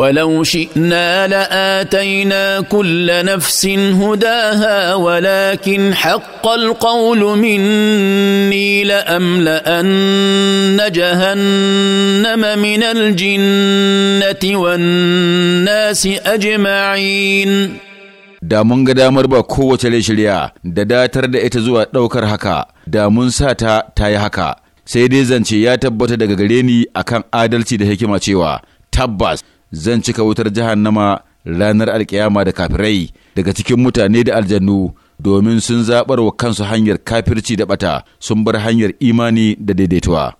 ولو شئنا لاتينا كل نفس هداها ولكن حق القول مني لاملان جهنم من الجنه والناس اجمعين da mun ga damar ba kowace shirya da datar da ita zuwa ɗaukar haka da mun sa ta ta yi haka sai dai zance ya tabbata daga gare ni akan adalci da hikima cewa tabbas zan cika wutar jahannama ranar alkiyama da kafirai daga cikin mutane da aljannu domin sun zaɓar wa kansu hanyar kafirci da ɓata sun bar hanyar imani da daidaituwa.